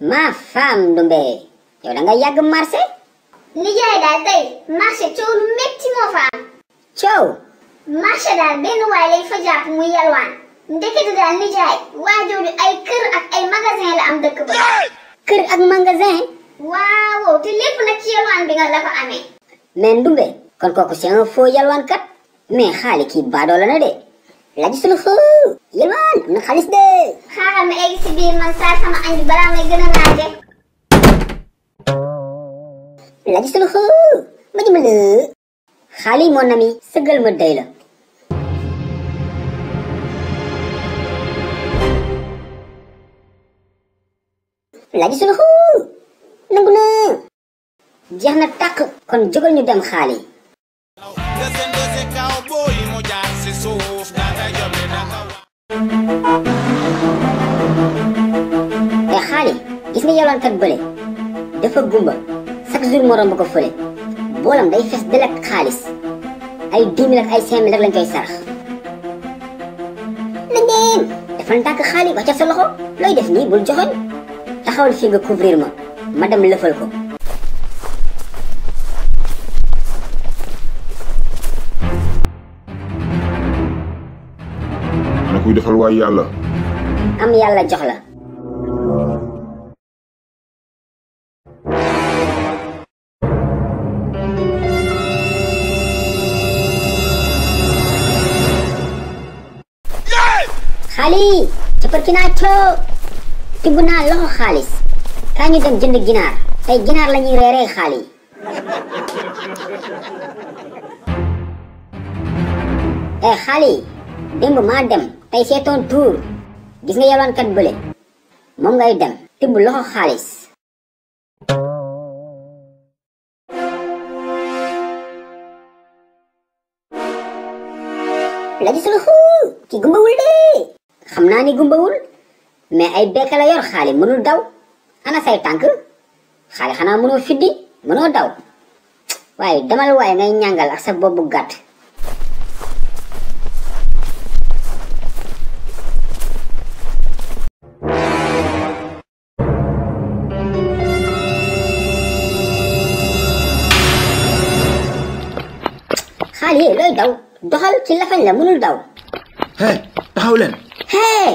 ma femme Ndoumbe yow da nga yàgg marché. nijaay daal tey marché coow lu métti moo fa coow. marché daal benn waay lay fa jàpp muy yalwaan ndekete daal nijaay waa jooju ay kër ak ay magasin la am dëkk ba. kër ak magasin. waaw te lépp nag ci yalwaan bi nga la ko amee. mais Ndoumbe kon kooku c'est un faux yalwaan kat mais xaali kii baadoo na de. laaj suñu xëy. yalwaan na xaalis de. xaaral ma egg si biir man saa sama añ bi gën a nga gis lu xëy ma dimbal xaali mon ami sëggal ma day la. nga gis lu xëy nangu na na tàq kon jógal ñu dem xaali. te xaali gis nga bële dafa gumba. chaque jour mu romb ko fële boolam day fes dal ak xaalis ay 10 ay 5 000 rek sarax. nandeen dafa ndàkk xaalis wàccal sa loxo looy def nii bul joxoñ taxawal fii nga couvrir ma ma dem lëfal ko. ana yàlla. am yàlla jox la. xali ci kena coow tibuna lo xaalis kaa ñu dem jënd ginar tay ginar la ñuy reeree eh e dem ma dem tay seton tour gis nga kat bele mom ngay dem tibb lo xaalis la gis la ki gumbul de am naa ni gumbawul mais ay bekk la yor xaali mënul daw ana say tànk xaali xanaa mënoo fiddi mënoo daw waaye demal waaye ngay ñàngal ak sa bopp bu gàtt xaali looy daw doxal ci lafañ la mënul daw hé है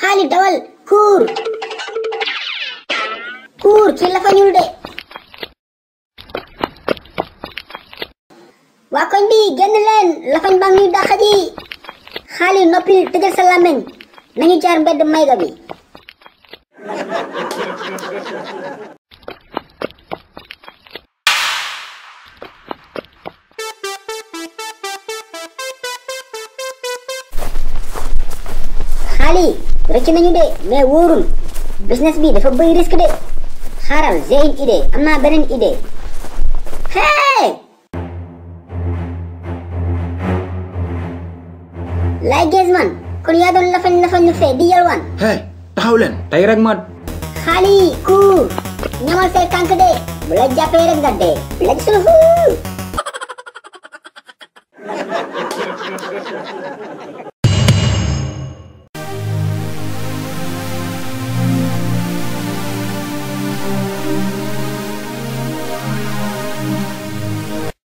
खाली डबल कूर कूर చిల్లకొని ఉండే waa koñ bi génn leen lafañ baa ngi daxa ji xaali noppil tëjal sa làmmeñ jaar mbedd mayga bi Ali rëcc nañu de mais wóorul business bi dafa bëri risque de xaaral j'ai une idée am naa beneen idée hey. laay gees man kon yaa doon lafañ lafañu fee di yalwaan. hey taxaw leen tey rek ma. xaali yi kuur ñamal say tànk de bu la jàppee rek nga dee bu la gisul